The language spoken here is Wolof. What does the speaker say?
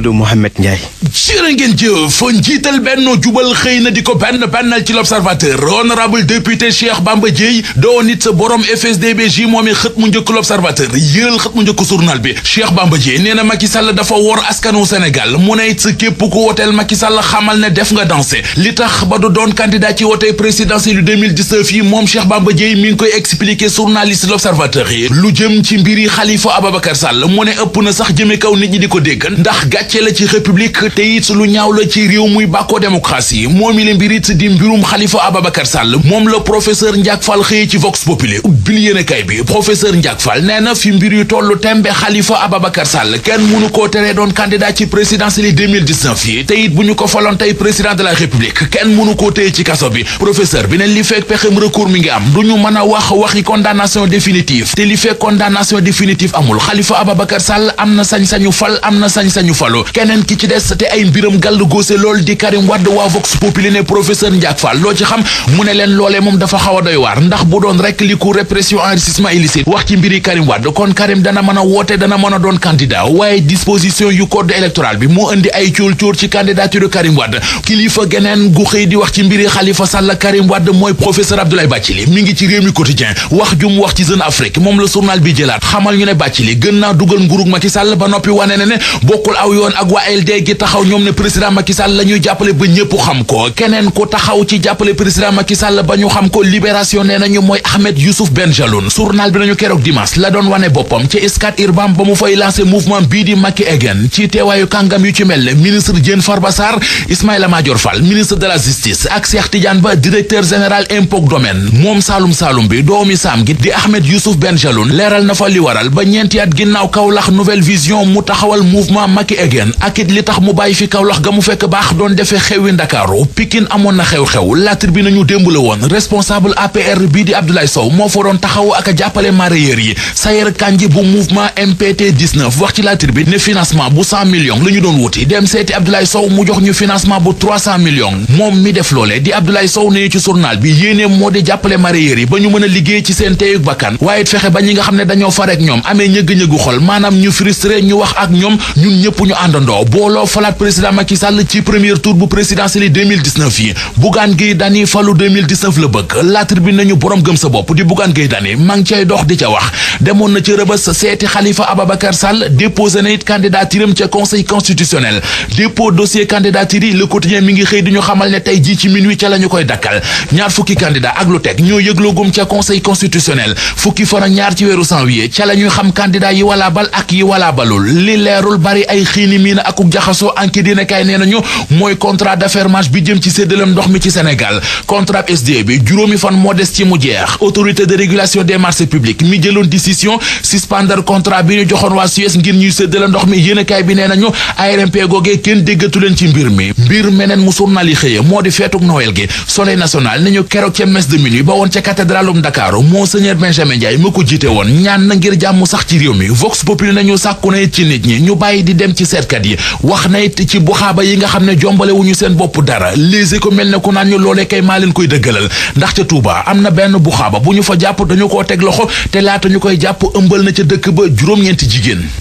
Mamadou Mohamed Ndiaye jërë ngeen jëf njital Benno Jubal xëy diko ben ko benn ci l'Observateur honorable député Cheikh Bamba djey do nit sa borom fsdb bj moom i xët mu njëkk l'Observateur yëral xët mu njëkk journal bi Cheikh Bamba djey nee na Macky Sall dafa wor askanu Sénégal mu ne it sa hotel ku woteel Macky Sall xamal ne def nga dansé li tax ba du doon candidat ci wote présidentielle yu 2019 yi moom Cheikh Bamba djey mi ngi koy expliqué journaliste l'Observateur yi lu jëm ci mbiri Khalifa Ababacar Sall mu ne ëpp na sax jëme kaw nit ñi di dégg ndax gàcc gàcce la ci république te lu ñaaw la ci réew muy bàkkoo démocratie moom i le mbir it di mbirum Sall moom la professeur Ndiak Fall xëyee ci Vox Populi ubbil yéenekaay bi professeur Ndiak Fall nee na fi mbir yu tollu tembe Khalifa Ababacar Sall kenn mënu koo teree doon candidat ci présidentielle yi 2019 yi te it bu ñu ko faloon tey président de la république kenn mënu koo téye ci kaso bi professeur bi ne li fekk pexem recours mi ngi am du ñu mën a wax waxi condamnation définitive te li fekk condamnation définitive amul Khalifa Ababacar Sall am na sañ-sañu fal am na sañ-sañu falo loolu keneen ki ci des te ay mbiram gàll góose lool di Karim Wade waa Vox Populi ne professeur Ndiak Fall loo ci xam mu ne leen loolee moom dafa xaw a doy waar ndax bu doon rek li ku répression enrichissement illicite wax ci mbiri Karim Wade kon Karim dana mën a woote dana mën a doon candidat waaye disposition yu code électoral bi moo indi ay cóol cóol ci candidature Karim Wade kilifa geneen gu xëy di wax ci mbiri Khalifa Sall Karim Wade mooy professeur Abdoulaye ba noppi wane woon ak waa LD gi taxaw ñoom ne président Macky Sall la ñuy jàppale ba ñëpp xam ko keneen ku taxaw ci jàppale président Macky Sall ba ñu xam ko libération nee nañu mooy Ahmed Youssouf Benjaloun journal bi nañu keroog dimanche la doon wane boppam ci Scat Urbam ba mu fay lancé mouvement bii di Macky Again ci teewaayu kàngam yu ci mel ne ministre Diène Farba Sarr Ismaïla Madior ministre de la justice ak Cheikh Tidiane Ba directeur général impôts domaine moom Saloum Saloum bi doomi saam gi di Ahmed Youssouf Benjaloun leeral na fa li waral ba ñeenti at ginnaaw Kaolack nouvelle vision mu taxawal mouvement Macky Again Viviane ak li tax mu bàyyi fi Kaolack ga mu fekk baax doon defee xewi Ndakaaru Pikine amoon na xew-xew La bi nañu démb la woon responsable APR bii di Abdoulaye Sow moo fa doon taxaw ak jàppale mareyeur yi Sayer Kandji bu mouvement MPT wax ci La bi ne financement bu 100 millions doon wuti dem seeti Abdoulaye Sow mu jox ñu financement bu 300 moom mi def loole di Abdoulaye Sow ne ci journal bi yéenee moo di jàppale mareyeur yi ba ñu mën a àndandoo booloo falaat président Macky Sall ci premier tour bu présidentielle yi 2019 yi Bougane falu la bëgg La Tribune nañu borom gëm sa bopp di Bougane Gueye Dany maa cay dox di ca wax demoon na ci seeti Khalifa Ababacar Sall déposé na it ca conseil constitutionnel dépôt dossier candidature yi Le Quotidien mi ngi xëy di ñu xamal ne tey jii ci minuit ca la koy dakkal ñaar fukki candidat ak lu teg ñoo yëgloogum ca ca la ñuy mii na akuk jaxasoo enquête dina kay nee nañu mooy contrat d'affermage bi jëm ci séddalem ndox mi ci Sénégal contrat SDE bi juróomi fan moo des ci mu jeex autorité de régulation des marchés publics mi jëloon décision suspendre contrat bi ñu joxoon waa Suez ngir ñuy séddale ndox mi yéen a kaay bi nee nañu ARMP googee kenn déggatu leen ci mbir mi mbir meneen mu journal yi moo di feetuk Noël gi soleil national nañu keroog ca messe de minuit ba woon ca cathédralum woon ñaan na ngir jàmm sax ci réew mi vox populi nañu sàkku na ci nit ñi ñu bàyyi di dem ci seet jàngalekat yi wax na it ci buxaaba yi nga xam ne jombalewuñu seen bopp dara léegi ko mel ne ku naan ñu loolee kay maa leen koy dëggalal ndax ca Touba am na benn buxaaba bu ñu fa jàpp dañu koo teg loxo te laata ñu koy jàpp ëmbal na ca dëkk ba juróom-ñeenti jigéen